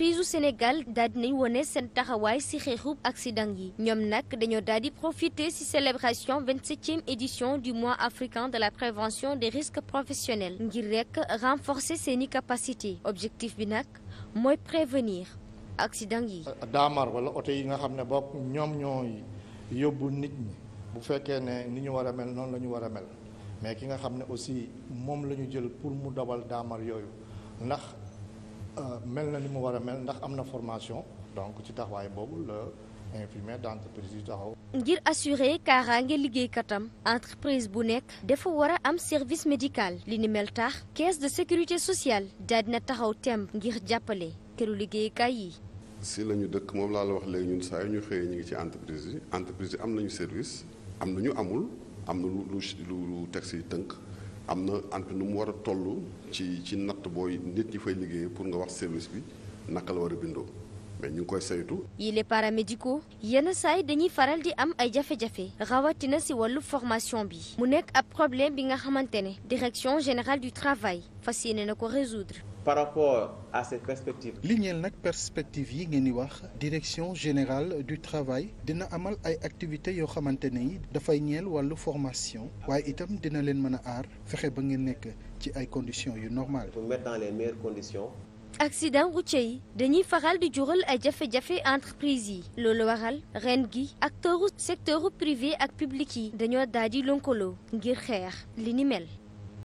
entreprise u Sénégal daal nañu wone seen taxawaay ci xeexub accident yi ñoom nag dañoo daal di profiter ci célébration 27e édition du mois africain de la prévention des risques professionnels ngir rekk renforcer seeni capacité objectif bi nag mooy prévenir accident yi daamar walla oto yi nga xam ne bokk ñoom ñoo yóbbu nit ñi bu fekkee ne ni ñu war a mel noonu la ñu war a mel mais ki nga xam ne aussi moom la ñu jël pour mu dawal daamar yooyu ndax Euh, mel na li mu war a mel ndax am na formation donc ci taxawaay boobu la infirmier d'entreprise yi taxaw. ngir assurer kaaraange liggéeykatam entreprise bu nekk dafa war a am service médical li ni mel tax caisse de sécurité sociale daal na taxaw temb ngir jàppale këru liggéeykaay yi. si lañu dëkk moom laa la wax léegi ñun saa yu ñu xëyee ñu ngi ci entreprise yi entreprise yi am nañu service am na ñu amul am na lu lu lu texte yi tënk. am na entre nu mu war a toll ci ci natt booy nit ñi fay liggéeyee pour nga wax service bi naka la war a bindoo. mais ñu ngi koy saytu. yii les paramédicaux yenn saay dañuy faral di am ay jafe-jafe rawatina si wàllu formation bi mu nekk ab problème bi nga xamante ne direction générale du travail fas yéene na ko résoudre. par rapport à li ñeel nag perspectives yi ngeen di wax direction générale du travail dina amal ay activités yoo xamante ne yi dafay ñeel wàllu formation waaye itam dina leen mën a aar fexe ba ngeen nekk ci ay conditions yu normales. dans les meilleures conditions. accident routier yi dañuy faral di jural ay jafe-jafe entreprise yi loolu waral ren gi acteuru secteur privé ak public yi dañoo daal di lëkkaloo ngir xeex li ni mel